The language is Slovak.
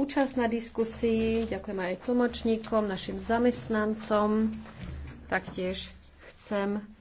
účasť na diskusii. Ďakujem aj tlmočníkom, našim zamestnancom. Taktiež chcem